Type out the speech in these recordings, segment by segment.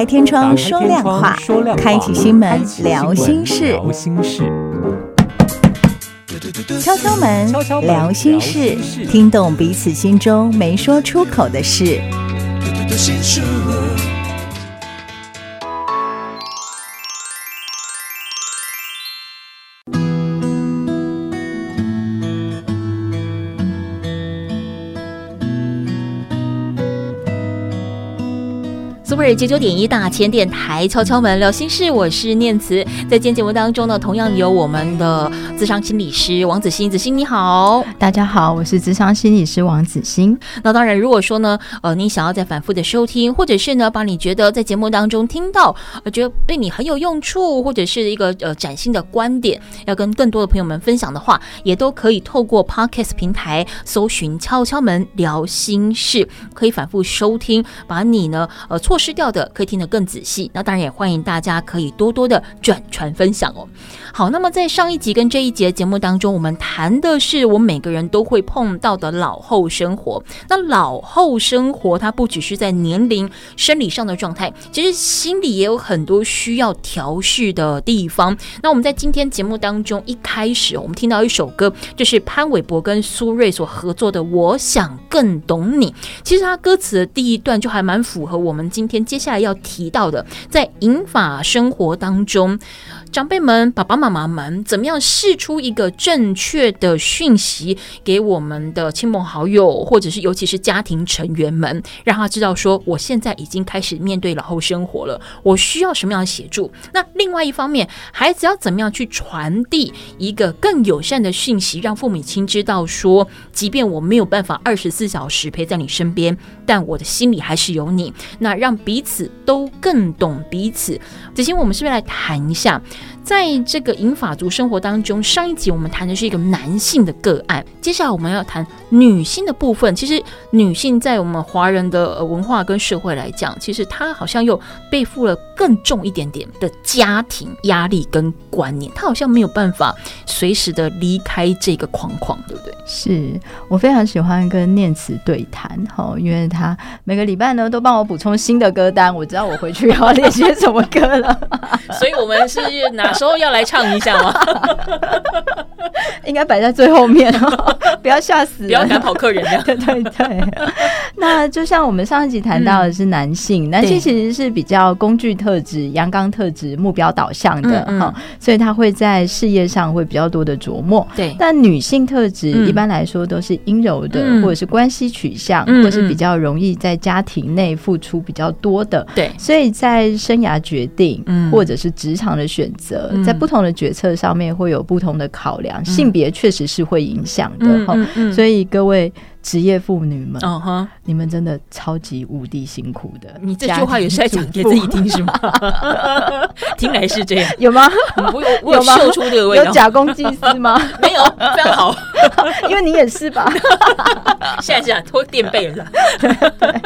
開天窗說亮話，開啟心門,新門聊心事，敲敲門聊心事，聽懂彼此心中沒說出口的事。敲敲九九點一大千電台敲敲門聊心事，我是念慈。在今天節目當中呢，同樣有我們的諮商心理師王子欣。子欣你好，大家好，我是諮商心理師王子欣。那當然，如果說呢，呃，你想要再反覆的收聽，或者是呢，把你覺得在節目當中聽到，呃，覺得對你很有用處，或者是一個呃嶄新的觀點，要跟更多的朋友們分享的話，也都可以透過 Podcast 平台搜尋“敲敲門聊心事”，可以反覆收聽，把你呢，呃，錯失。要的可以聽得更仔細，那當然也歡迎大家可以多多的轉傳分享哦。好，那麼在上一集跟這一集節目當中，我們談的是我們每個人都會碰到的老後生活。那老後生活，它不只是在年齡生理上的狀態，其實心裡也有很多需要調試的地方。那我們在今天節目當中一開始，我們聽到一首歌，就是潘瑋柏跟蘇芮所合作的《我想更懂你》。其實他歌詞的第一段就還蠻符合我們今天。接下來要提到的，在銀髮生活當中，長輩們、爸爸媽媽們，怎麼樣釋出一個正確的訊息給我們的親朋好友，或者是尤其是家庭成員們，讓他知道說，我現在已經開始面對老後生活了，我需要什麼樣的協助？那另外一方面，孩子要怎麼樣去傳遞一個更友善的訊息，讓父母親知道說，即便我沒有辦法二十四小時陪在你身邊。但我的心裡還是有你，那讓彼此都更懂彼此。子欣，我們是不是來談一下？在這個銀髮族生活當中，上一集我們談的是一個男性的個案，接下來我們要談女性的部分。其實女性在我們華人的文化跟社會來講，其實她好像又背負了更重一點點的家庭壓力跟觀念，她好像沒有辦法隨時的離開這個框框，對不對？是我非常喜歡跟念慈對談，哈，因為他每個禮拜呢都幫我補充新的歌單，我知道我回去要練些什麼歌了。 所以我們是拿。時候要來唱一下嗎？ 應該擺在最後面哦，不要嚇死，不要嚇跑客人的。對對，那就像我們上一集談到的是男性，男性其實是比較工具特質、陽剛特質、目標導向的，所以他會在事業上會比較多的琢磨。對，但女性特質一般來說都是陰柔的，或者是關係取向，或是比較容易在家庭內付出比較多的。對，所以在生涯決定或者是職場的選擇，在不同的決策上面會有不同的考量。性別確實是會影響的哈，嗯嗯嗯，所以各位。職業婦女們，uh huh、你們真的超級無敵辛苦的。你這句話也是在講給自己聽是嗎？ 聽來是這樣， 有嗎？你不會有嗎？有假公濟私嗎？沒有，非常好，因為你也是吧？現在想脫墊背了是是 對對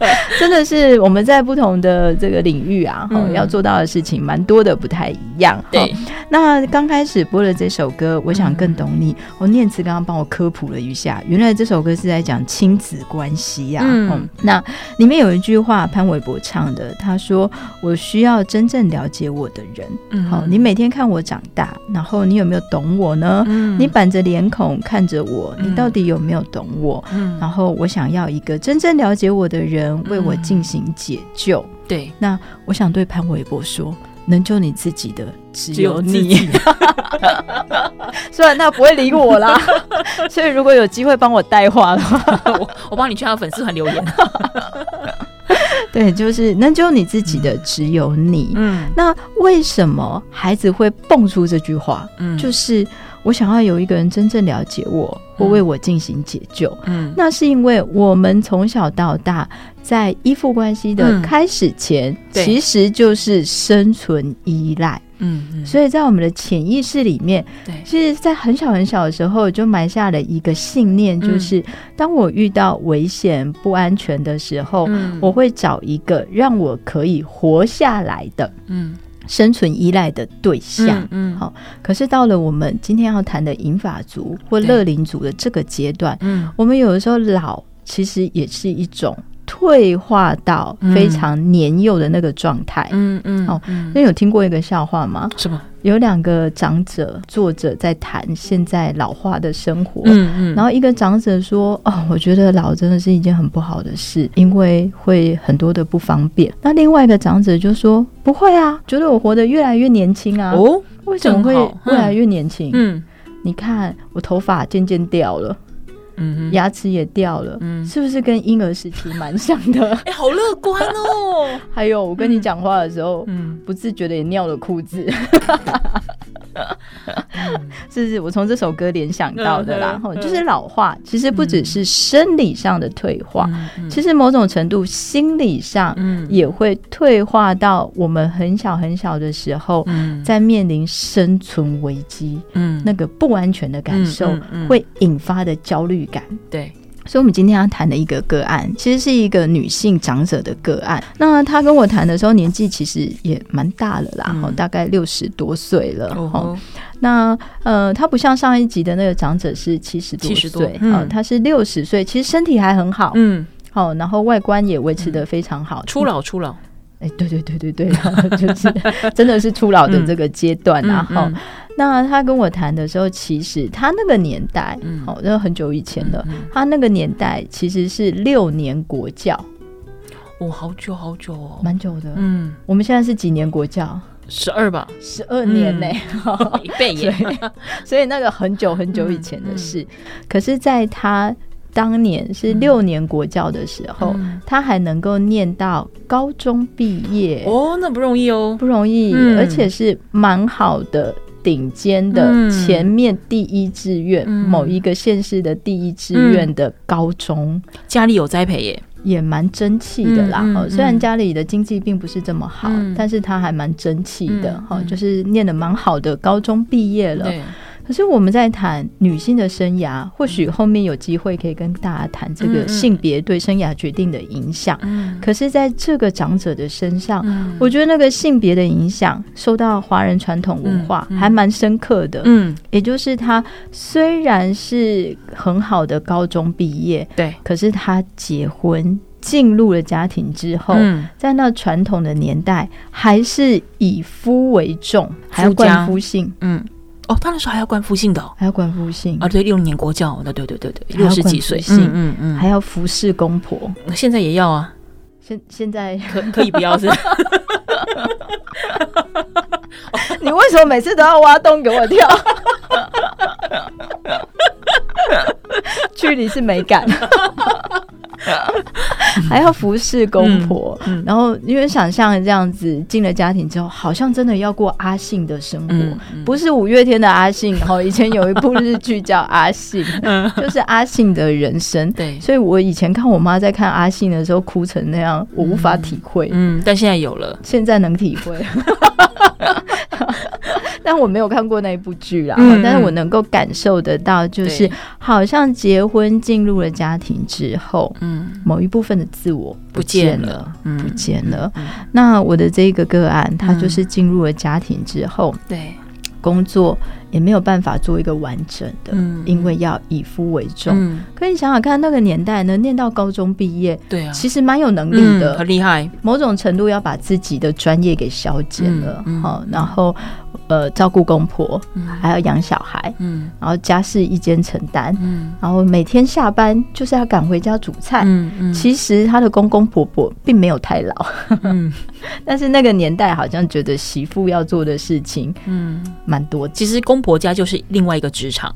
對。真的是我們在不同的這個領域啊，嗯、要做到的事情蠻多的，不太一樣。對，那剛開始播了這首歌，我想更懂你。嗯、我念慈剛剛幫我科普了一下，原來這首歌。是在講親子關係呀、啊，嗯，嗯，那裡面有一句話，潘瑋柏唱的，他說：“我需要真正了解我的人，嗯，好、哦，你每天看我長大，然後你有沒有懂我呢？嗯、你板着臉孔看着我，你到底有沒有懂我？嗯，然後我想要一個真正了解我的人為我進行解救，嗯、對，那我想對潘瑋柏說，能救你自己的。”只有你， 雖然那不會理我啦。 所以如果有機會幫我帶話的話， 我，我我幫你去他的粉絲團留言。 對，就是能救你自己的，只有你。嗯，那為什麼孩子會蹦出這句話？嗯、就是我想要有一個人真正了解我，或為我進行解救。嗯，嗯，那是因為我們從小到大在依附關係的開始前，嗯、其實就是生存依賴。嗯，嗯，所以在我們的潛意識裡面，對，其實在很小很小的時候就埋下了一個信念，就是、嗯、當我遇到危險、不安全的時候，嗯、我會找一個讓我可以活下來的、嗯，生存依賴的對象。嗯，好、嗯哦，可是到了我們今天要談的銀髮族或樂齡族的這個階段，嗯對，我們有的時候老其實也是一種。會化到非常年幼的那個狀態，嗯嗯，哦，那有聽過一個笑話嗎？什麼嗎？有兩個長者坐著在談現在老化的生活，嗯嗯，然後一個長者說：“哦，我覺得老真的是一件很不好的事，因為會很多的不方便。”那另外一個長者就說：“不會啊，覺得我活得越來越年輕啊！哦，為什麼會越來越年輕？嗯，嗯你看我頭髮漸漸掉了。”牙齒也掉了，嗯、是不是跟嬰兒時期蠻像的？哎、欸，好樂觀哦！ 還有，我跟你講話的時候，嗯、不自覺的也尿了褲子。 是是，我從這首歌聯想到的啦，嗯、就是老化，嗯、其實不只是生理上的退化，嗯、其實某種程度、嗯、心理上也會退化到我們很小很小的時候，嗯、在面臨生存危機，嗯、那個不安全的感受會引發的焦慮感，嗯嗯嗯、對。所以我們今天要談的一個個案，其實是一個女性長者的個案。那她跟我談的時候，年紀其實也蠻大了啦，嗯、大概六十多歲了。哦呵、哦、那呃，她不像上一集的那個長者是七十多、多、歲、嗯呃、她是六十歲，其實身體還很好，嗯，好、哦，然後外觀也維持得非常好，初老，初老。哎，對對對對對，就是真的是初老的這個階段，然後那他跟我談的時候，其實他那個年代，好，那很久以前了，他那個年代其實是六年國教，哦，好久好久，哦，蠻久的，嗯，我們現在是幾年國教？十二吧，十二年呢，倍耶，所以那個很久很久以前的事，可是在他。當年是六年國教的時候，嗯嗯、他還能夠念到高中畢業哦，那不容易哦，不容易，嗯、而且是蠻好的頂尖的前面第一志願、嗯、某一個縣市的第一志願的高中，家裡有栽培耶，也蠻爭氣的啦、嗯嗯哦。雖然家裡的經濟並不是這麼好，嗯、但是他還蠻爭氣的，哈、嗯哦，就是念的蠻好的，高中畢業了。可是我們在談女性的生涯，嗯、或許後面有機會可以跟大家談這個性別對生涯決定的影響。嗯、可是在這個長者的身上，嗯、我覺得那個性別的影響受到華人傳統文化還蠻深刻的。嗯，嗯也就是他雖然是很好的高中畢業，對、嗯，可是他結婚進入了家庭之後，嗯、在那傳統的年代，還是以夫為重，還是冠夫姓。嗯。哦，他那時候還要冠夫姓的，哦，還要冠夫姓啊！對，六年國教對對對對，六十幾歲、嗯，嗯嗯嗯，還要服侍公婆，現在也要啊，現現在可，可以不要是？ 你為什麼每次都要挖洞給我跳 ？距離是美感。 還要服侍公婆，嗯嗯、然後因為想像這樣子進了家庭之後，好像真的要過阿信的生活，嗯嗯、不是五月天的阿信。然後， 以前有一部日劇叫《阿信》， 就是阿信的人生。對、嗯，所以我以前看我媽在看阿信的時候哭成那樣，我無法體會嗯。嗯，但現在有了，現在能體會。 但我沒有看過那一部劇啊，嗯、但是我能夠感受得到，就是對，好像結婚進入了家庭之後，嗯，某一部分的自我不見了，不見了。不見了，嗯、那我的這個個案，他、嗯、就是進入了家庭之後，對，工作。也沒有辦法做一個完整的，因為要以夫為重。可以想想看，那個年代呢，念到高中畢業，對啊，其實蠻有能力的，很厲害。某種程度要把自己的專業給削減了，好，然後呃照顧公婆，還要養小孩，嗯，然後家事一肩承擔，嗯，然後每天下班就是要趕回家煮菜，嗯，其實她的公公婆婆並沒有太老，但是那個年代好像覺得媳婦要做的事情，嗯，蠻多。其實公婆家就是另外一個職場，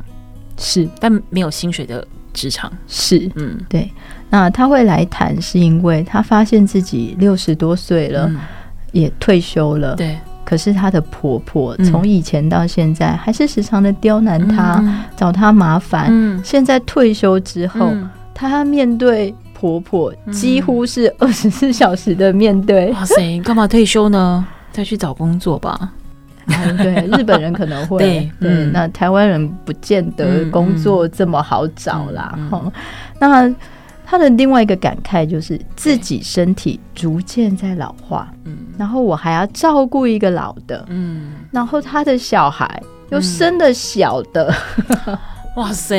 是，但沒有薪水的職場，是，嗯，對。那她會來談，是因為她發現自己六十多歲了，也退休了，對。可是她的婆婆從以前到現在還是時常的刁難她，找她麻煩。嗯，現在退休之後，她面對婆婆幾乎是二十四小時的面對。哇塞，幹嘛退休呢？再去找工作吧。嗯、對，日本人可能會， 對，對。嗯、那台灣人不見得工作這麼好找啦。哈、嗯嗯嗯嗯，那他的另外一個感慨就是自己身體逐漸在老化，嗯，然後我還要照顧一個老的，嗯，然後他的小孩又生的小的，嗯、 哇塞，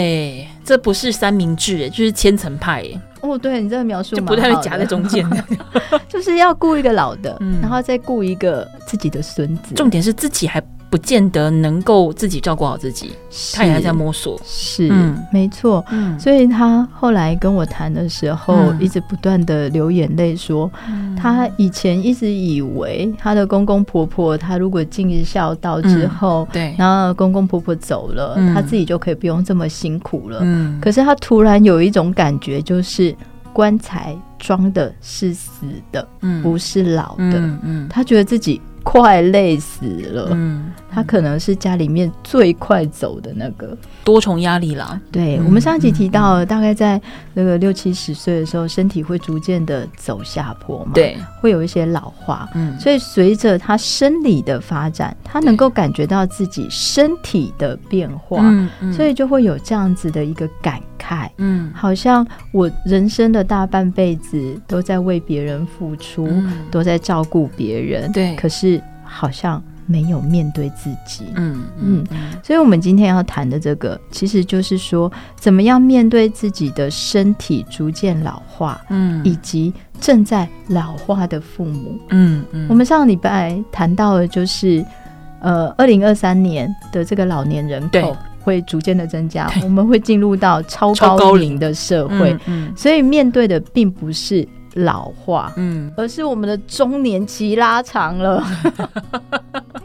這不是三明治，就是千層派，哦，對，你這個描述，就不太會夾在中間， 就是要顧一個老的，嗯、然後再顧一個自己的孫子，重點是自己還，不見得能夠自己照顧好自己，他也還在摸索，是沒錯。所以他後來跟我談的時候，一直不斷的流眼淚，說他以前一直以為他的公公婆婆，他如果盡孝道之後，對，然後公公婆婆走了，他自己就可以不用這麼辛苦了。可是他突然有一種感覺，就是棺材裝的是死的，不是老的，嗯，他覺得自己。快累死了，嗯，嗯，他可能是家裡面最快走的那個，多重壓力啦。對、嗯、我們上一集提到，嗯嗯、大概在那個六七十歲的時候，身體會逐漸的走下坡嘛，對，會有一些老化，嗯，所以隨着他生理的發展，他能夠感覺到自己身體的變化，嗯對，所以就會有這樣子的一個感覺。嗯嗯嗯，好像我人生的大半輩子都在為別人付出，嗯、都在照顧別人，對，可是好像沒有面對自己，嗯嗯，所以我們今天要談的這個，其實就是說，怎麼樣面對自己的身體逐漸老化，嗯，以及正在老化的父母，嗯嗯，嗯我們上禮拜談到的就是，呃，二零二三年的這個老年人口。對，會逐漸的增加，對我們會進入到超高齡的社會。嗯嗯、所以面對的並不是老化，嗯，而是我們的中年期拉長了。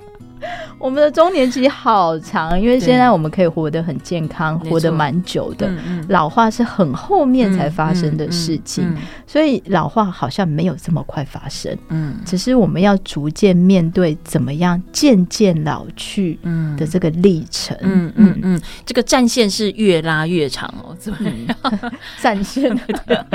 我們的中年期好長，因為現在我們可以活得很健康，活得蠻久的，老化是很後面才發生的事情，所以老化好像沒有這麼快發生，嗯，只是我們要逐漸面對怎麼樣漸漸老去的這個歷程，嗯嗯嗯，這個戰線是越拉越長哦，怎麼樣？戰線的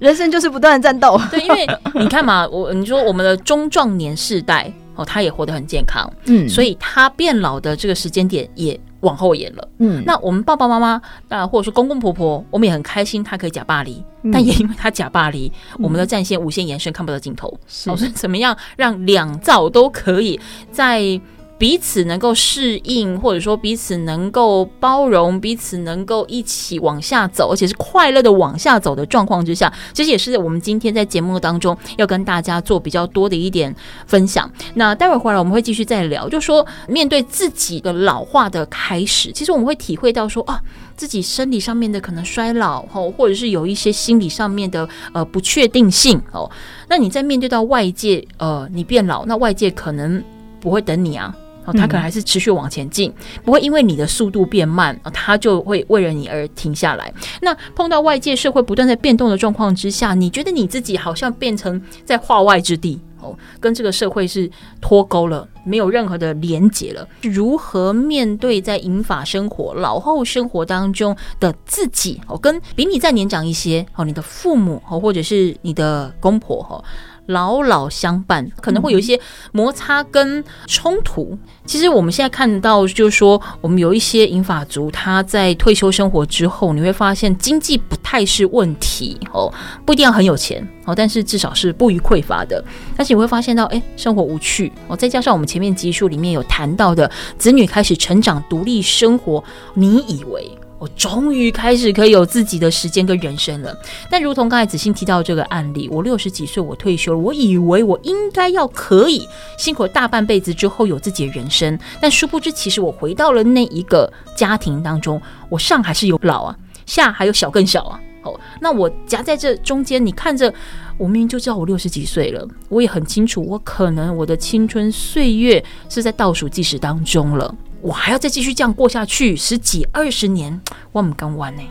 人生就是不斷的戰鬥，對，因為你看嘛，我你說我們的中壯年世代。哦，他也活得很健康，嗯，所以他變老的這個時間點也往後延了，嗯。那我們爸爸媽媽，那或者說公公婆婆，我們也很開心他可以呷百二，嗯、但也因為他呷百二，我們的戰線無限延伸，看不到盡頭是、哦。是怎麼樣讓兩造都可以在？彼此能夠適應，或者說彼此能夠包容，彼此能夠一起往下走，而且是快樂的往下走的狀況之下，其實也是我們今天在節目當中要跟大家做比較多的一點分享。那待會兒回來我們會繼續再聊，就說面對自己的老化的開始，其實我們會體會到說啊，自己生理上面的可能衰老或者是有一些心理上面的呃不確定性哦。那你在面對到外界呃你變老，那外界可能不會等你啊。哦，他可能還是持續往前進，嗯，不會因為你的速度變慢，哦，他就會為了你而停下來。那碰到外界社會不斷在變動的狀況之下，你覺得你自己好像變成在化外之地哦，跟這個社會是脫鈎了，沒有任何的連結了。如何面對在銀髮生活、老後生活當中的自己哦，跟比你再年長一些哦，你的父母哦，或者是你的公婆哦……老老相伴，可能會有一些摩擦跟衝突。嗯、其實我們現在看到，就是說我們有一些銀髮族，他在退休生活之後，你會發現經濟不太是問題哦，不一定要很有錢哦，但是至少是不虞匱乏的。但是你會發現到，哎，生活無趣哦。再加上我們前面集數裡面有談到的，子女開始成長獨立生活，你以為？我終於開始可以有自己的時間跟人生了。但如同剛才子欣提到這個案例，我六十幾歲，我退休了，我以為我應該要可以辛苦了大半輩子之後有自己的人生。但殊不知，其實我回到了那一個家庭當中，我上還是有老啊，下還有小更小啊。哦，那我夾在這中間，你看着我，明明就知道我六十幾歲了，我也很清楚，我可能我的青春歲月是在倒數計時當中了。我還要再繼續這樣過下去十幾二十年，我們幹完呢？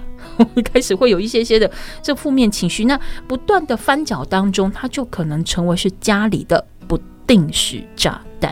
一開始會有一些些的這負面情緒，那不斷的翻攪當中，它就可能成為是家裡的不定時炸彈，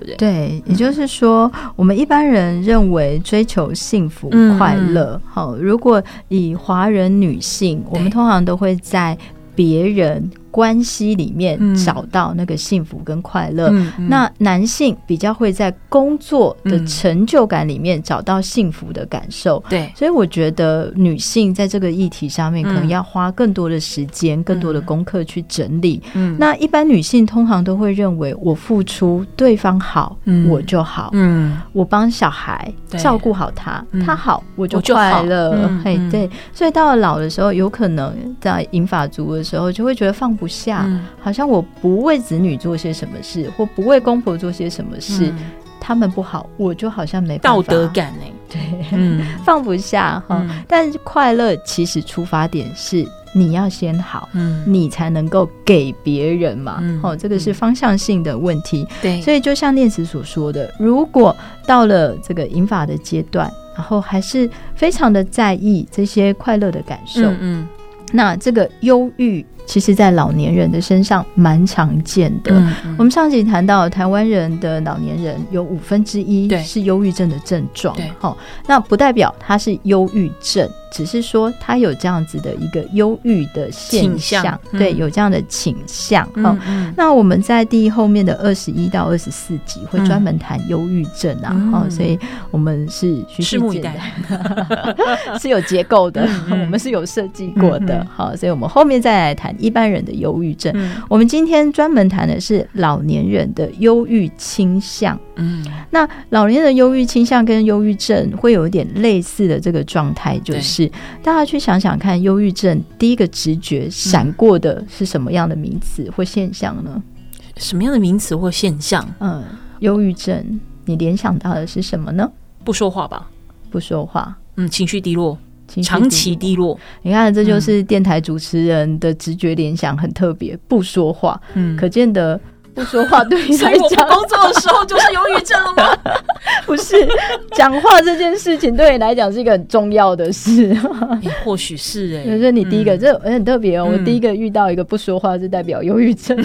對不對？對，也就是說，嗯、我們一般人認為追求幸福快樂，嗯、好，如果以華人女性，我們通常都會在別人關係裡面找到那個幸福跟快樂。嗯嗯、那男性比較會在工作的成就感裡面找到幸福的感受。對、嗯，所以我覺得女性在這個議題上面可能要花更多的時間、嗯、更多的功課去整理。嗯、那一般女性通常都會認為我付出對方好，嗯、我就好。嗯、我幫小孩照顧好他，嗯、他好我就快樂就、嗯。對。所以到了老的時候，有可能在銀髮族的時候，就會覺得放。不下，嗯、好像我不為子女做些什麼事，或不為公婆做些什麼事，嗯、他們不好，我就好像沒道德感呢？對，嗯、放不下哈。嗯、但快樂其實出發點是你要先好，嗯，你才能夠給別人嘛。好、嗯，這個是方向性的問題。對、嗯，所以就像念慈所說的，如果到了這個銀髮的階段，然後還是非常的在意這些快樂的感受，嗯，嗯那這個憂鬱。其實，在老年人的身上蠻常見的。我們上集談到，台灣人的老年人有五分之一是憂鬱症的症狀。對，那不代表他是憂鬱症，只是說他有這樣子的一個憂鬱的現象，對，有這樣的傾向。那我們在第後面的二十一到二十四集會專門談憂鬱症啊，所以我們是循序漸進的，是有結構的，我們是有設計過的。好，所以我們後面再來談。一般人的憂鬱症，嗯、我們今天專門談的是老年人的憂鬱傾向。嗯，那老年人憂鬱傾向跟憂鬱症會有一點類似的這個狀態，就是對大家去想想看，憂鬱症第一個直覺閃過的是什麼樣的名詞或現象呢？什麼樣的名詞或現象？嗯，憂鬱症，你聯想到的是什麼呢？不說話吧？不說話。嗯，情緒低落。長期低落，你看，這就是電台主持人的直覺聯想很特別，不說話，嗯，可見得不說話對你來講 我講工作的時候就是憂鬱症了嗎？ 不是，講話這件事情對你來講是一個很重要的事，你、欸、或許是哎、欸，就是你第一個，嗯、這很特別哦、喔，嗯、我第一個遇到一個不說話是代表憂鬱症。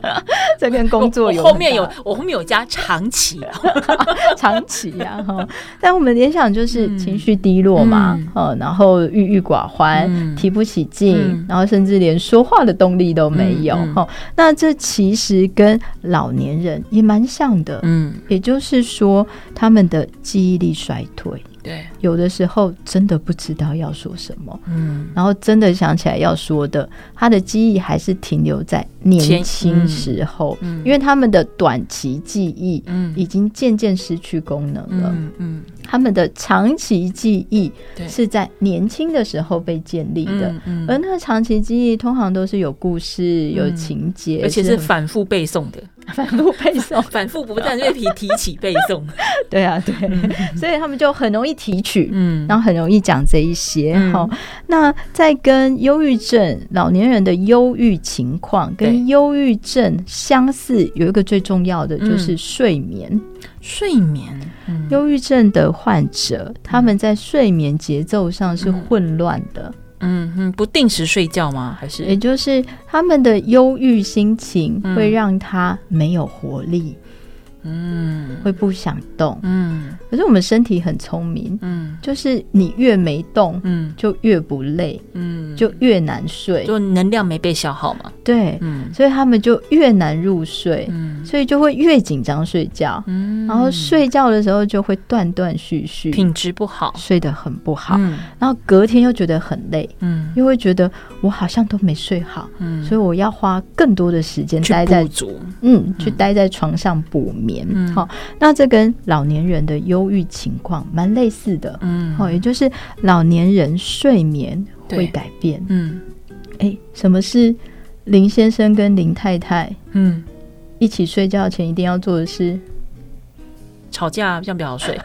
這邊工作有，後面有我後面有,後面有家長期， 長期呀、啊、但我們聯想就是情緒低落嘛，嗯、然後鬱鬱寡歡，嗯、提不起勁，嗯、然後甚至連說話的動力都沒有、嗯嗯、那這其實跟老年人也蠻像的，嗯，也就是說他們的記憶力衰退。對，有的時候真的不知道要說什麼，嗯，然後真的想起來要說的，他的記憶還是停留在年輕時候，嗯，嗯，因為他們的短期記憶，已經漸漸失去功能了，嗯，嗯嗯，他們的長期記憶是在年輕的時候被建立的，嗯嗯嗯、而那個長期記憶通常都是有故事、有情節，嗯、而且是反覆背誦的。反復背誦， 反復不斷就被提起背誦。 對啊，對，所以他們就很容易提取，嗯，然後很容易講這一些。好、嗯，那在跟憂鬱症老年人的憂鬱情況跟憂鬱症相似，對有一個最重要的就是睡眠。嗯、睡眠，嗯、憂鬱症的患者他們在睡眠節奏上是混亂的。嗯嗯哼、嗯，不定時睡覺嗎？還是？也就是他們的憂鬱心情會讓他沒有活力。嗯嗯，會不想動，嗯，可是我們身體很聰明，嗯，就是你越沒動，嗯，就越不累，嗯，就越難睡，就能量沒被消耗嘛，對，嗯，所以他們就越難入睡，嗯，所以就會越緊張睡覺，嗯，然後睡覺的時候就會斷斷續續，品質不好，睡得很不好，嗯，然後隔天又覺得很累，嗯，又會覺得我好像都沒睡好，嗯，所以我要花更多的時間待在嗯，去待在床上補眠。嗯，好、哦，那這跟老年人的憂鬱情況蠻類似的，嗯，好、哦，也就是老年人睡眠會改變，嗯，哎、欸，什麼是林先生跟林太太？嗯，一起睡覺前一定要做的事，嗯，吵架比較比較好睡，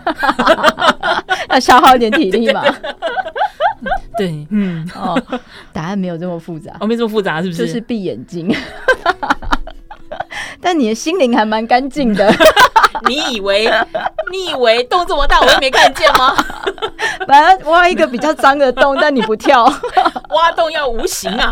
要消耗一點體力嘛，對， 嗯，哦，答案沒有這麼複雜，哦，沒這麼複雜，是不是？就是閉眼睛。 那你的心靈還蠻乾淨的，你以為你以為洞這麼大我就沒看見嗎？反正挖一個比較髒的洞，但你不跳挖洞要無形啊。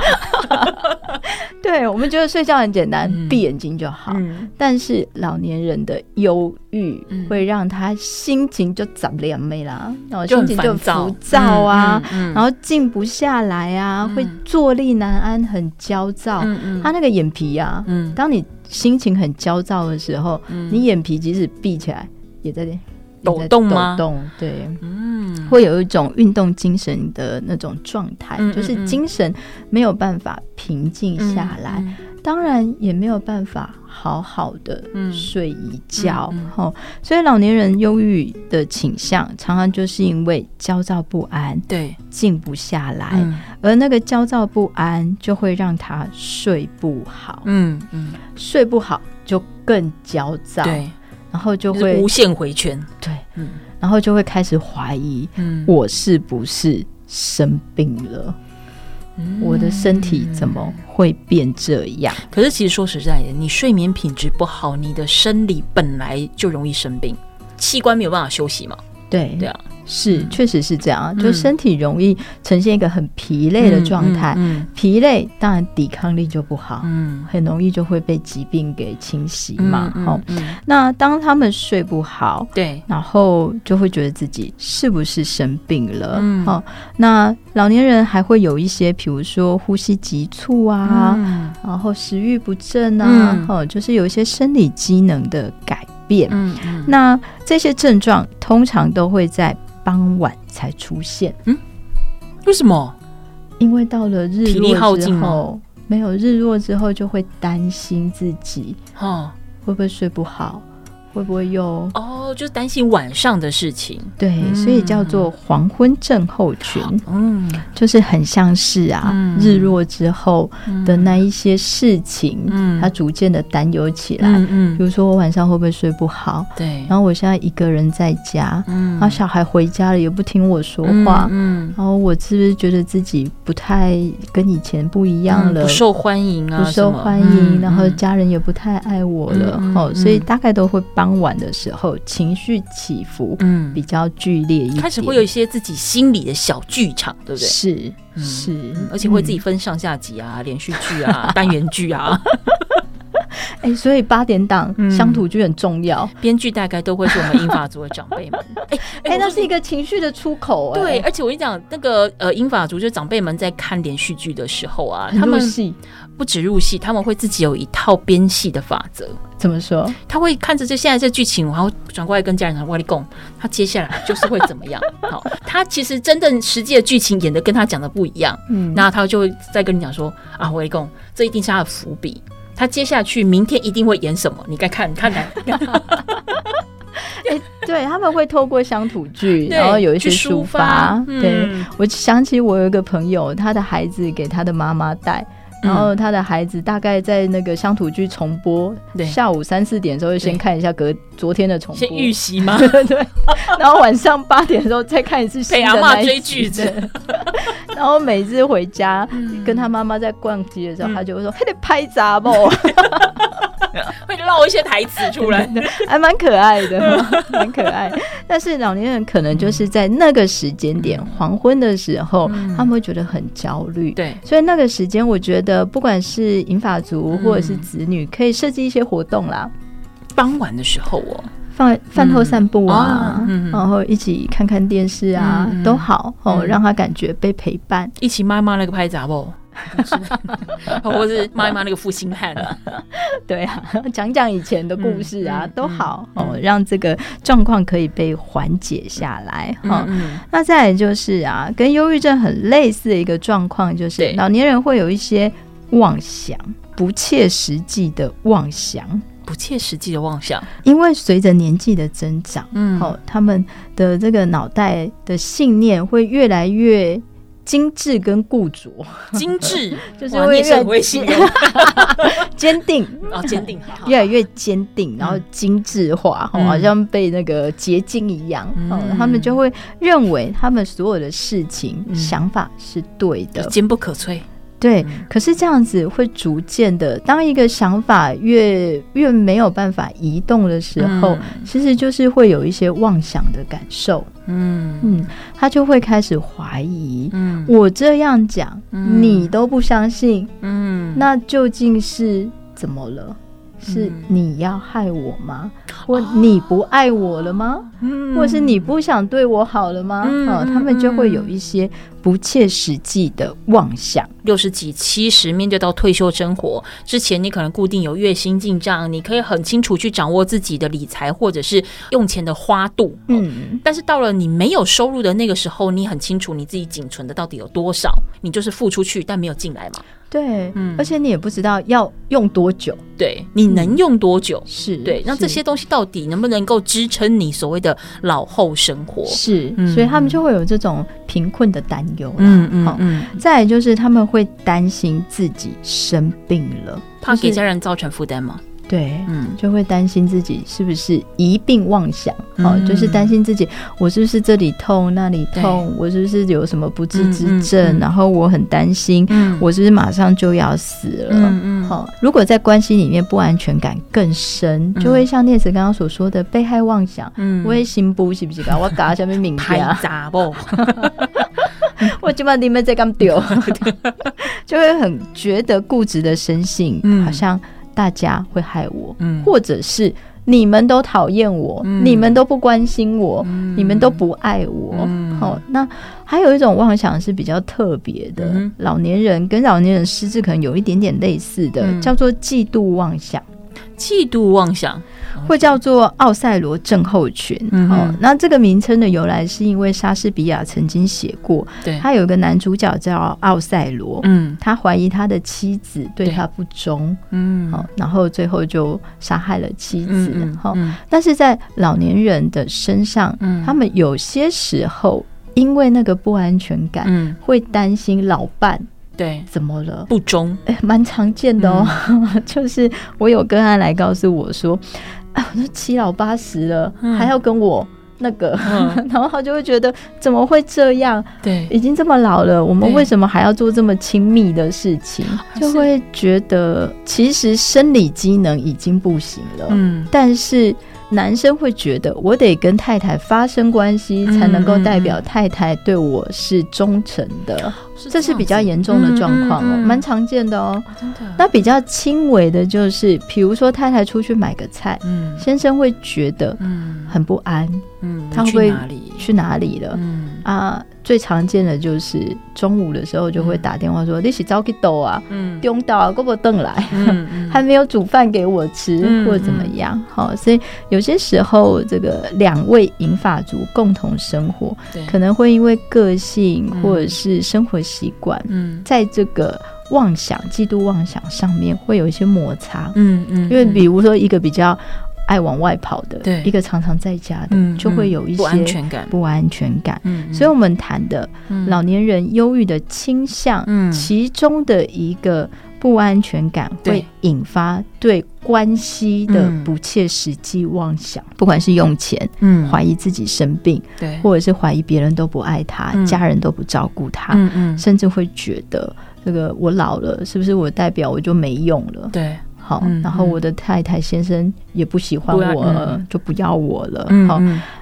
對，我們覺得睡覺很簡單，閉眼睛就好。嗯，但是老年人的憂鬱會讓他心情就雜亂沒啦，然後心情就浮躁啊，然後靜不下來啊，會坐立難安，很焦躁。嗯嗯，他那個眼皮啊，當你。心情很焦躁的時候，嗯、你眼皮即使閉起來，也在抖動，也在抖動，對，嗯、會有一種運動精神的那種狀態，嗯嗯嗯，就是精神沒有辦法平靜下來，嗯嗯，當然也沒有辦法。好好的睡一覺，嗯嗯嗯哦、所以老年人憂鬱的傾向，嗯、常常就是因為焦躁不安，對，靜不下來，嗯、而那個焦躁不安就會讓他睡不好，嗯嗯，嗯睡不好就更焦躁，對，然後就會就無限迴圈，對，嗯，然後就會開始懷疑，嗯，我是不是生病了？我的身體怎麼會變這樣？可是其實說實在的，你睡眠品質不好，你的生理本來就容易生病，器官沒有辦法休息嘛。對，對、啊、是，確實是這樣。嗯、就身體容易呈現一個很疲累的狀態，嗯嗯嗯、疲累當然抵抗力就不好，嗯，很容易就會被疾病給侵襲嘛。好、嗯嗯嗯，那當他們睡不好，對，然後就會覺得自己是不是生病了？好、嗯，那老年人還會有一些，比如說呼吸急促啊，嗯、然後食欲不振啊，好、嗯，就是有一些生理機能的改變。變，嗯嗯、那這些症狀通常都會在傍晚才出現。嗯，為什麼？因為到了日落之後，沒有日落之後就會擔心自己，會不會睡不好？嗯會不會又？哦，就擔心晚上的事情，對，所以叫做黃昏症候群。嗯，就是很像是啊，日落之後的那一些事情，他逐漸的擔憂起來。嗯，比如說我晚上會不會睡不好？對，然後我現在一個人在家，嗯，然後小孩回家了也不聽我說話，嗯，然後我是不是覺得自己不太跟以前不一樣了？不受歡迎啊，不受歡迎，然後家人也不太愛我了。哦，所以大概都會幫。傍晚的時候，情緒起伏，比較劇烈一點。嗯，開始會有一些自己心裡的小劇場，對不對？是是，嗯，是，而且會自己分上下集啊，嗯，連續劇啊， 單元劇啊。 哎、 欸，所以八點檔鄉、嗯、土劇很重要，編劇大概都會是我們銀髮族的長輩們。哎哎，那是一個情緒的出口、欸。對，而且我跟你講，那個呃銀髮族就是、長輩們在看連續劇的時候啊，他們不止入戲，他們會自己有一套編戲的法則。怎麼說？他會看着這現在這劇情，然後轉過來跟家人講：“我李共」。他接下來就是會怎麼樣？” 好，他其實真正實際的劇情演得跟他講的不一樣。嗯，那他就會再跟你講說：“啊，我李共」。這一定是他的伏筆。”他接下去明天一定會演什麼？你該看，你看看、啊。哎、 欸，對，他們會透過鄉土劇，對然後有一些抒發書法。嗯、對，我想起我有一個朋友，他的孩子給他的媽媽帶，嗯、然後他的孩子大概在那個鄉土劇重播，對下午三四點的時候就先看一下隔對昨天的重播，先預習嘛。 對，然後晚上八點的時候再看一次一。陪阿嬤追劇子 然後每次回家、嗯、跟他媽媽在逛街的時候，嗯、他就會說還得拍雜報，會漏一些台詞出來的， 還蠻可愛的，蠻 可愛。但是老年人可能就是在那個時間點，黃昏的時候，嗯、他們會覺得很焦慮。對、嗯，所以那個時間我覺得，不管是銀髮族或者是子女，可以設計一些活動啦。傍晚的時候哦。飯飯後散步啊，然後一起看看電視啊，都好哦，讓他感覺被陪伴。一起罵罵那個拍子不？或是罵一罵那個負心漢啊？對啊，講講以前的故事啊，都好哦，讓這個狀況可以被緩解下來哈。那再來就是啊，跟憂鬱症很類似的一個狀況，就是老年人會有一些妄想，不切實際的妄想。不切實際的妄想，因為隨着年紀的增長，嗯，好，他們的這個腦袋的信念會越來越精緻跟固着，精緻緻 就是越來越堅定，然後堅定，越來越堅定，然後精緻化，嗯、好像被那個結晶一樣。嗯，他們就會認為他們所有的事情、嗯、想法是對的，堅不可摧。對，嗯、可是這樣子會逐漸的，當一個想法越越沒有辦法移動的時候，嗯、其實就是會有一些妄想的感受。嗯，嗯，他就會開始懷疑，嗯、我這樣講，嗯、你都不相信。嗯，那究竟是怎麼了？是你要害我嗎？嗯、或你不愛我了嗎？啊、或是你不想對我好了嗎？嗯，他們就會有一些不切實際的妄想。六十幾、七十，面對到退休生活之前，你可能固定有月薪進賬，你可以很清楚去掌握自己的理財或者是用錢的花度。嗯，但是到了你沒有收入的那個時候，你很清楚你自己僅存的到底有多少，你就是付出去但沒有進來嘛。對，嗯、而且你也不知道要用多久，對，你能用多久，嗯、是？對，那這些東西到底能不能夠支撐你所謂的老後生活？是，嗯、所以他們就會有這種貧困的擔憂，嗯嗯嗯。哦、嗯，再來就是他們會擔心自己生病了，怕給家人造成負擔嗎？就是對，嗯，就會擔心自己是不是疑病妄想？好，就是擔心自己，我是不是這裡痛那裡痛，我是不是有什麼不治之症，然後我很擔心，我是不是馬上就要死了，嗯嗯，好，如果在關係裡面不安全感更深，就會像聶慈剛剛所說的被害妄想，嗯，我也心不，是不是噶？我搞什下面，拍砸不？我？哈我就把你們再搞丟，就會很覺得固執的生性，嗯，好像。大家會害我，嗯、或者是你們都討厭我，嗯、你們都不關心我，嗯、你們都不愛我。好、嗯哦，那還有一種妄想是比較特別的，嗯、老年人跟老年人失智可能有一點點類似的，嗯、叫做嫉妒妄想。嫉妒妄想，會叫做奧賽羅症候群，嗯嗯、哦。那這個名稱的由來是因為莎士比亞曾經寫過，嗯、他有一個男主角叫奧賽羅，嗯，他懷疑他的妻子對他不忠，嗯，然後最後就殺害了妻子。嗯嗯嗯嗯，但是在老年人的身上，嗯、他們有些時候因為那個不安全感，嗯、會擔心老伴。對，怎麼了？不、欸、忠，哎，蠻常見的哦、喔。嗯、 就是我有跟他來告訴我說，哎、啊，我都七老八十了，嗯、還要跟我那個，嗯、 然後他就會覺得怎麼會這樣？對，已經這麼老了，我們為什麼還要做這麼親密的事情？對就會覺得是其實生理機能已經不行了。嗯，但是。男生會覺得，我得跟太太發生關係，才能夠代表太太對我是忠誠的，這是比較嚴重的狀況哦，蠻常見的哦。那比較輕微的就是，比如說太太出去買個菜，先生會覺得，很不安，他會去哪裡？去哪裡了？啊。最常見的就是中午的時候就會打電話說、嗯、你是早給倒啊，嗯啊嗯，嗯，丟到啊，過不等來，還沒有煮飯給我吃，嗯、或者怎麼樣？好，所以有些時候這個兩位銀髮族共同生活，對可能會因為個性或者是生活習慣，嗯，在這個妄想、嫉妒、妄想上面會有一些摩擦，嗯嗯，嗯嗯，因為比如說一個比較。愛往外跑的，一個常常在家的，就會有一些不安全感。不安全感，所以，我們談的老年人憂鬱的傾向，其中的一個不安全感，會引發對關係的不切實際妄想，不管是用錢，嗯，懷疑自己生病，對，或者是懷疑別人都不愛他，家人都不照顧他，嗯嗯，甚至會覺得這個我老了，是不是我代表我就沒用了？對。好，嗯，然後我的太太先生也不喜歡我了，不來就不要我了。嗯，好。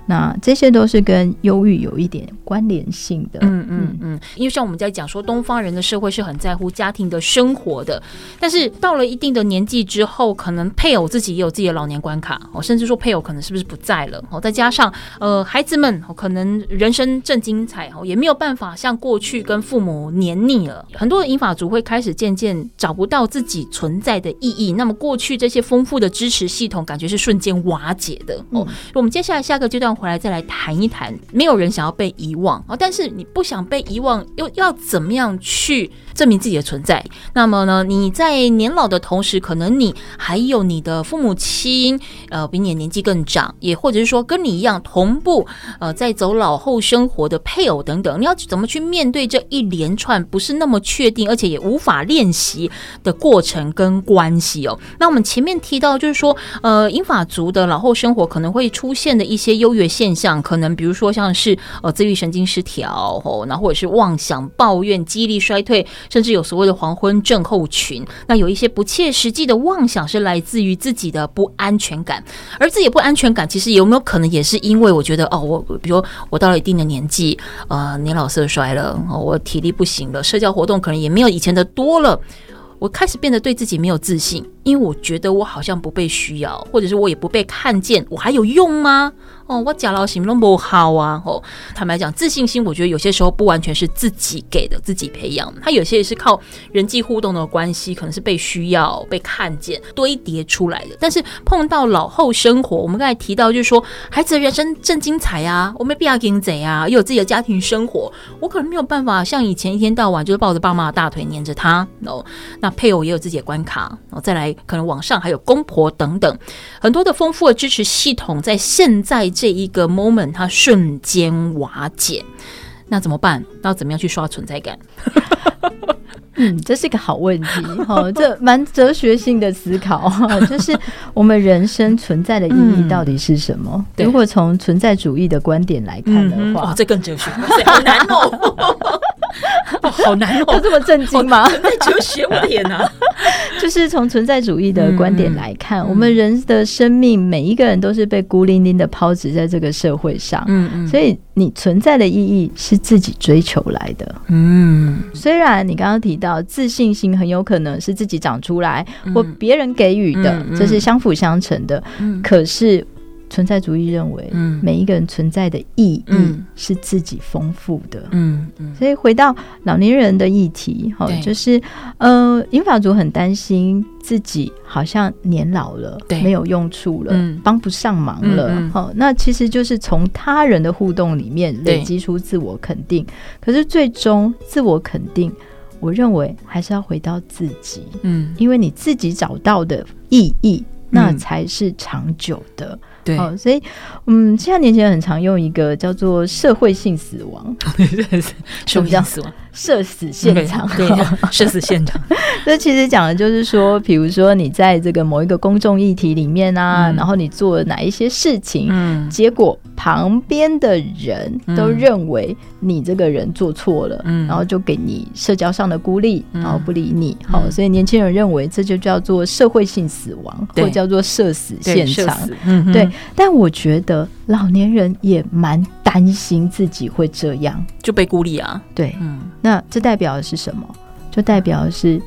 那這些都是跟憂鬱有一點關聯性的。嗯嗯，嗯嗯嗯，因為像我們在講說，東方人的社會是很在乎家庭的生活的，但是到了一定的年紀之後，可能配偶自己也有自己的老年關卡哦，甚至說配偶可能是不是不在了哦，再加上呃孩子們哦，可能人生正精彩哦，也沒有辦法像過去跟父母黏膩了，很多的銀髮族會開始漸漸找不到自己存在的意義，那麼過去這些豐富的支持系統感覺是瞬間瓦解的，嗯、哦，我們接下來下個階段。回來再來談一談，沒有人想要被遺忘啊！但是你不想被遺忘，又要怎麼樣去證明自己的存在？那麼呢？你在年老的同時，可能你還有你的父母親，呃，比你的年紀更長，也或者是說跟你一樣同步，呃，在走老後生活的配偶等等，你要怎麼去面對這一連串不是那麼確定，而且也無法練習的過程跟關係哦？那我們前面提到，就是說，呃，銀髮族的老後生活可能會出現的一些憂鬱。現象可能，比如說像是，呃，自律神經失調然後、哦、或者是妄想、抱怨、精力衰退，甚至有所謂的黃昏症候群。那有一些不切實際的妄想，是來自於自己的不安全感。而自己的不安全感，其實有沒有可能也是因為我覺得哦，我比如說我到了一定的年紀，呃，年老色衰了、哦，我體力不行了，社交活動可能也沒有以前的多了，我開始變得對自己沒有自信，因為我覺得我好像不被需要，或者是我也不被看見，我還有用嗎？哦，我講了形容不好啊，吼、哦，坦白講，自信心我覺得有些時候不完全是自己給的，自己培養，他有些也是靠人際互動的關係，可能是被需要、被看見堆疊出來的。但是碰到老後生活，我們剛才提到就是說，孩子的人生正精彩呀、啊，我沒必要跟誰啊，又有自己的家庭生活，我可能沒有辦法像以前一天到晚就是抱着爸媽的大腿粘着他哦，那配偶也有自己的關卡、哦，再來可能往上還有公婆等等，很多的豐富的支持系統在現在。這一個 moment，它瞬間瓦解，那怎麼辦？那怎麼樣去刷存在感？ 嗯，這是個好問題哈、哦，這蠻哲學性的思考，就是我們人生存在的意義到底是什麼？嗯、如果從存在主義的觀點來看的話，嗯哦、這更哲學， 好難哦。 好難哦， 這麼震驚嗎？那只有學我點啊。就是從存在主義的觀點來看，嗯嗯、我們人的生命，每一個人都是被孤零零的拋擲在這個社會上，嗯嗯、所以你存在的意義是自己追求來的。嗯，雖然你剛剛提到自信心很有可能是自己長出來、嗯、或別人給予的，這、嗯嗯、是相輔相成的，嗯嗯、可是。存在主義認為，嗯，每一個人存在的意義是自己豐富的，嗯，所以回到老年人的議題，好，就是，呃，銀髮族很擔心自己好像年老了，沒有用處了，幫不上忙了，好，那其實就是從他人的互動裡面累積出自我肯定，可是最終自我肯定，我認為還是要回到自己，嗯，因為你自己找到的意義，那才是長久的。好對、哦，所以，嗯，現在年輕人很常用一個叫做“社會性死亡”，什麼叫死亡？ 社死現場，對社死現場。這其實講的就是說，比如說你在這個某一個公眾議題裡面啊，然後你做了哪一些事情，結果旁邊的人都認為你這個人做錯了，然後就給你社交上的孤立，然後不理你。好，所以年輕人認為這就叫做社會性死亡，或叫做社死現場。對，但我覺得老年人也蠻擔心自己會這樣就被孤立啊。對，嗯。那這代表的是什麼？就代表的是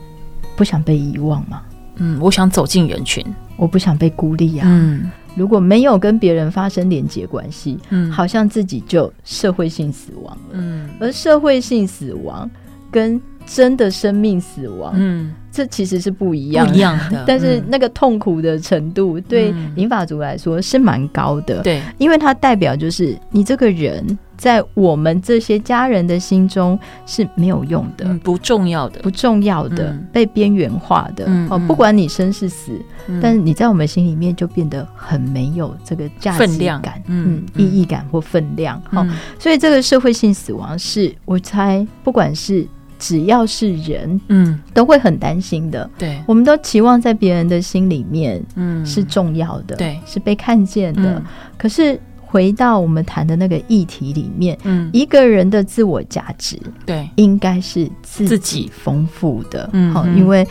不想被遺忘嗎？嗯，我想走進人群，我不想被孤立啊。嗯，如果沒有跟別人發生連接關係，嗯，好像自己就社會性死亡了。嗯，而社會性死亡跟真的生命死亡，嗯，這其實是不一樣的。不一樣的 但是那個痛苦的程度，對銀髮族來說是蠻高的。對，嗯，因為它，代表就是你這個人，在我們這些家人的心中是沒有用的，不重要的，不重要的，被邊緣化的。哦，不管你生是死，但是你在我們心裡面就變得很沒有這個價值感，嗯，意義感或分量。哦，所以這個社會性死亡，是我猜，不管是只要是人，嗯，都會很擔心的。對，我們都期望在別人的心裡面，嗯，是重要的，對，是被看見的。可是。回到我們談的那個議題裡面，嗯，一個人的自我價值，對，應該是自己豐富的，嗯，因為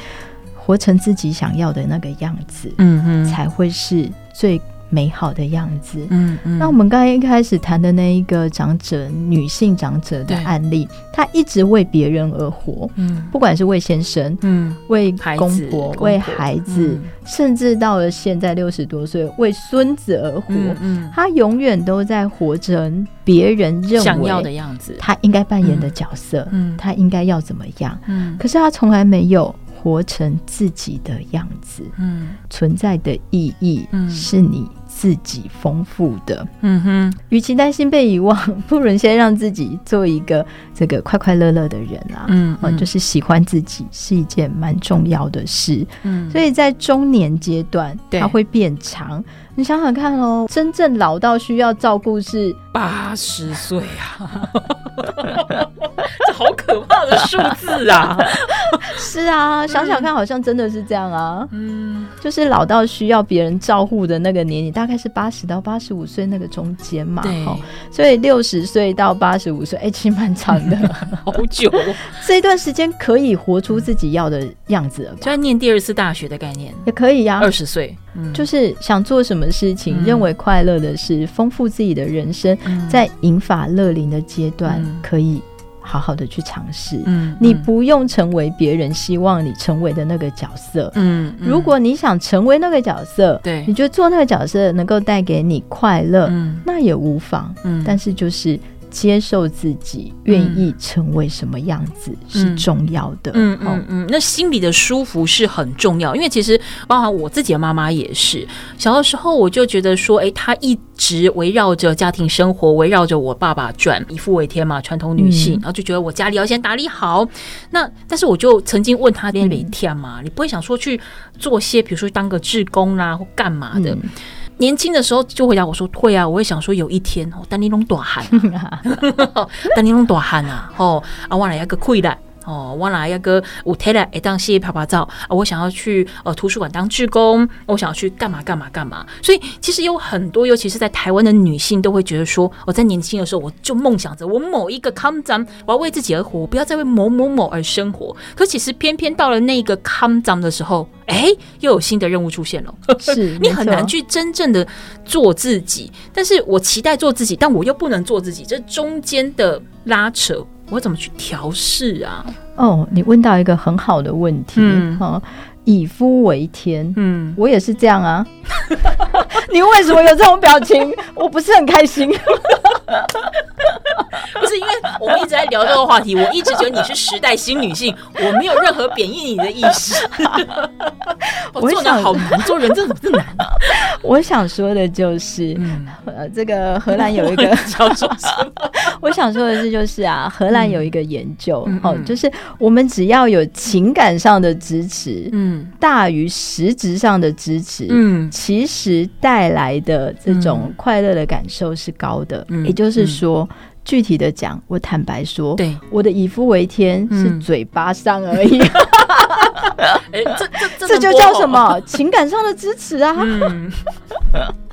活成自己想要的那個樣子，嗯，才會是最。美好的樣子，嗯，嗯，那我們剛剛一開始談的那一個長者，女性長者的案例，她、嗯、一直為別人而活，嗯，不管是為先生，嗯，為公婆，孩子、為孩子，嗯、甚至到了現在六十多歲，為孫子而活，嗯，她、嗯、永遠都在活着別人認為想要的樣子，她應該扮演的角色，嗯，她、嗯、應該要怎麼樣，嗯，可是她從來沒有。活成自己的樣子，嗯，存在的意義，是你自己豐富的，嗯、嗯、與其擔心被遺忘，不如先讓自己做一個這個快快樂樂的人啊，嗯，嗯啊，就是喜歡自己是一件蠻重要的事，嗯、所以在中年階段，嗯、它會變長。你想想看哦，真正老到需要照顧是八十歲啊。 這好可怕的數字啊！ 是啊，嗯、想想看，好像真的是這樣啊。嗯，就是老到需要別人照顧的那個年齡，大概是八十到八十五歲那個中間嘛。對、哦，所以六十歲到八十五歲，哎，其實蠻長的， 好久。這 一段時間可以活出自己要的樣子了吧？就念第二次大學的概念，也可以呀、啊。二十歲。就是想做什麼事情，嗯、認為快樂的是豐、嗯、富自己的人生，嗯、在銀髮樂齡的階段，嗯、可以好好的去嘗試、嗯。嗯，你不用成為別人希望你成為的那個角色。嗯，嗯如果你想成為那個角色，對你覺得做那個角色能夠帶給你快樂，嗯、那也無妨。嗯、但是就是。接受自己願意成為什麼樣子、嗯、是重要的，嗯嗯嗯，那心裡的舒服是很重要，因為其實包含我自己的媽媽也是，小的時候我就覺得說，哎、欸，她一直圍繞着家庭生活，圍繞着我爸爸轉，以父為天嘛，傳統女性，嗯、然後就覺得我家裡要先打理好，那但是我就曾經問她，那邊每天嘛，你不會想說去做些，比如說當個志工啦、啊，或幹嘛的？嗯年輕的時候就回答我說：“會啊，我也想說有一天，但你攏短喊， 但你攏短汗啊！哦，啊忘了一個潰爛。哦，我要舞台當啊！我想要去呃圖書館當志工，我想要去幹嘛幹嘛幹嘛。所以其實有很多，尤其是在台灣的女性，都會覺得說，我、哦、在年輕的時候，我就夢想着我某一個坎站，我要為自己而活，不要再為某某某而生活。可其實偏偏到了那個坎站的時候，誒、欸，又有新的任務出現了，是你很難去真正的做自己。但是我期待做自己，但我又不能做自己，這中間的拉扯。我怎麼去調適啊？哦，oh, 你問到一個很好的問題，嗯，以夫為天，嗯，我也是這樣啊。 你為什麼有這種表情？ 我不是很開心。 不是因為，我們一直在聊這個話題，我一直覺得你是時代新女性，我沒有任何貶義你的意思。我做人好難，啊，做人真的怎麼這麼難。我想說的就是，呃、嗯，這個荷蘭有一個，我想，我想說的是，就是啊，荷蘭有一個研究、嗯嗯嗯、哦，就是我們只要有情感上的支持，嗯，大於實質上的支持，嗯，其實帶來的這種快樂的感受是高的。嗯嗯也就是說，嗯嗯、具體的講，我坦白說，對我的以夫為天、嗯、是嘴巴上而已。 欸、這這，這，這就叫什麼情感上的支持啊！ 嗯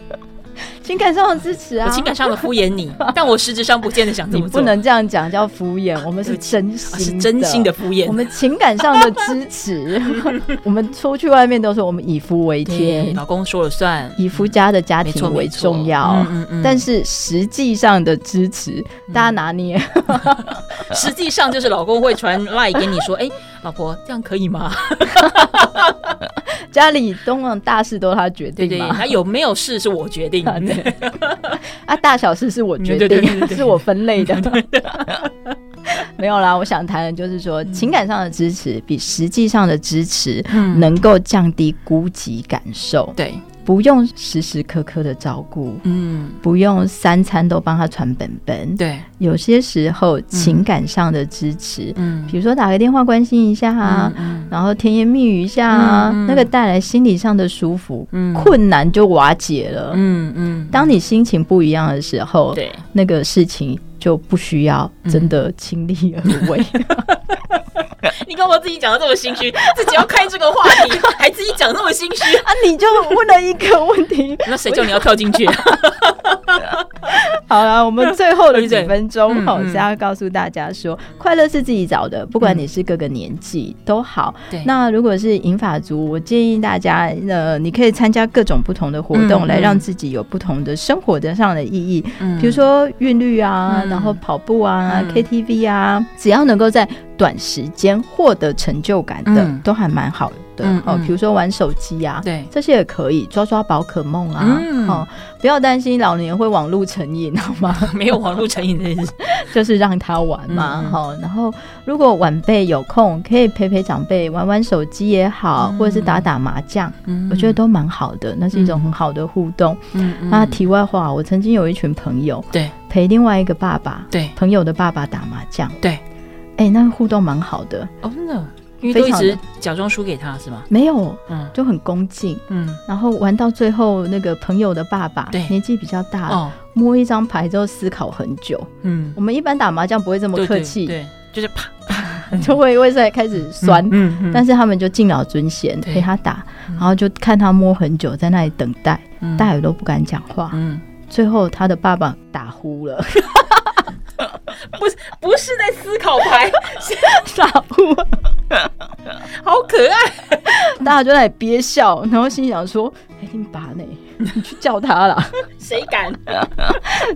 情感上的支持啊，我情感上的敷衍你， 但我實質上不見得想這麼做。你不能這樣講，叫敷衍，我們是真心的、啊，是真心的敷衍。我們情感上的支持， 我們出去外面都說我們以夫為天，老公說了算，以夫家的家庭為重要。沒錯沒錯嗯，嗯嗯，但是實際上的支持，嗯、大家拿捏。 實際上就是老公會傳 LINE 給你說，哎、欸，老婆這樣可以嗎？ 家裡東往大事都是他決定，對對對，他有沒有事是我決定的。 啊，大小事是我決定，對對對，是我分類的。 沒有啦，我想談的就是說，嗯、情感上的支持比實際上的支持，能夠降低孤寂感受。嗯、對。不用時時刻刻的照顧，嗯，不用三餐都幫他傳本本，對，有些時候情感上的支持，嗯，比如說打個電話關心一下啊，嗯，然後甜言蜜語一下啊，嗯，那個帶來心理上的舒服，嗯，困難就瓦解了，嗯嗯，嗯，當你心情不一樣的時候，對，那個事情，就不需要真的親力而為，啊。嗯 你看我自己講的這麼心虛，自己要開這個話題， 還自己講那麼心虛啊！你就問了一個問題，那誰叫你要跳進去？要 好了，我們最後的幾分鐘，好，先、 嗯嗯、要告訴大家說，快樂是自己找的，不管你是各個年紀、嗯、都好。對那如果是銀髮族，我建議大家，呃，你可以參加各種不同的活動，嗯嗯，來讓自己有不同的生活的上的意義。嗯、比如說韻律啊，嗯、然後跑步啊、嗯、KTV 啊，只要能夠在短時間獲得成就感的，嗯、都還蠻好的。的哦，比如說玩手機啊，對，這些也可以抓抓寶可夢啊，哈，不要擔心老年會網路成癮，好嗎？沒有網路成癮，意思就是讓他玩嘛，哈。然後如果晚輩有空，可以陪陪長輩玩玩手機也好，或者是打打麻將，我覺得都蠻好的，那是一種很好的互動。那題外話，我曾經有一群朋友，對，陪另外一個爸爸，對，朋友的爸爸打麻將，對，哎，那個互動蠻好的，真的。因為都一直假裝輸給他是嗎？沒有，嗯，就很恭敬，嗯，嗯，然後玩到最後那個朋友的爸爸，年紀比較大，摸一張牌之後思考很久，嗯，我們一般打麻將不會這麼客氣，對，對，就是啪，嗯、就會開始酸，嗯，嗯，嗯、但是他們就敬老尊賢陪他打，然後就看他摸很久，在那裡等待，大家都不敢講話，嗯，最後他的爸爸打呼了，嗯、 不是不是在思考牌， 是打呼。大家就在憋笑，然後心裡想說：“一、哎、你爸呢，你去叫他啦！」 誰敢、啊？”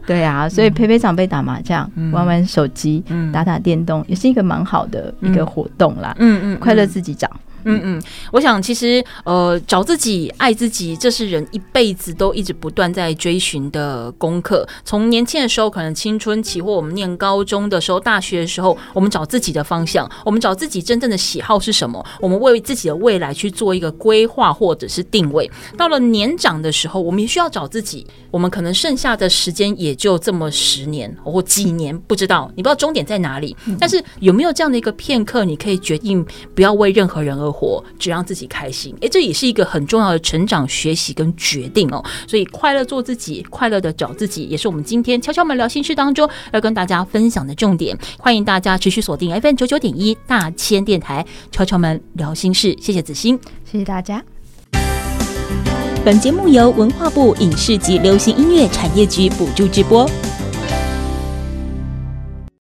對呀、啊，所以陪陪長輩打麻將、嗯、玩玩手機、嗯、打打電動，也是一個蠻好的一個活動啦。嗯、快樂自己找。嗯嗯嗯嗯嗯，我想其實呃，找自己、愛自己，這是人一輩子都一直不斷在追尋的功課。從年輕的時候，可能青春期或我們念高中的時候、大學的時候，我們找自己的方向，我們找自己真正的喜好是什麼，我們為自己的未來去做一個規劃或者是定位。到了年長的時候，我們也需要找自己。我們可能剩下的時間也就這麼十年或幾年，不知道，你不知道終點在哪裡，但是有沒有這樣的一個片刻，你可以決定不要為任何人而活，只讓自己開心，哎，這也是一個很重要的成長、學習跟決定哦。所以快樂做自己，快樂的找自己，也是我們今天敲敲門聊心室當中要跟大家分享的重點。歡迎大家持續鎖定 FM 九九點一大千電臺敲敲門聊心室。謝謝子欣，謝謝大家。本節目由文化部影視及流行音樂產業局補助製播。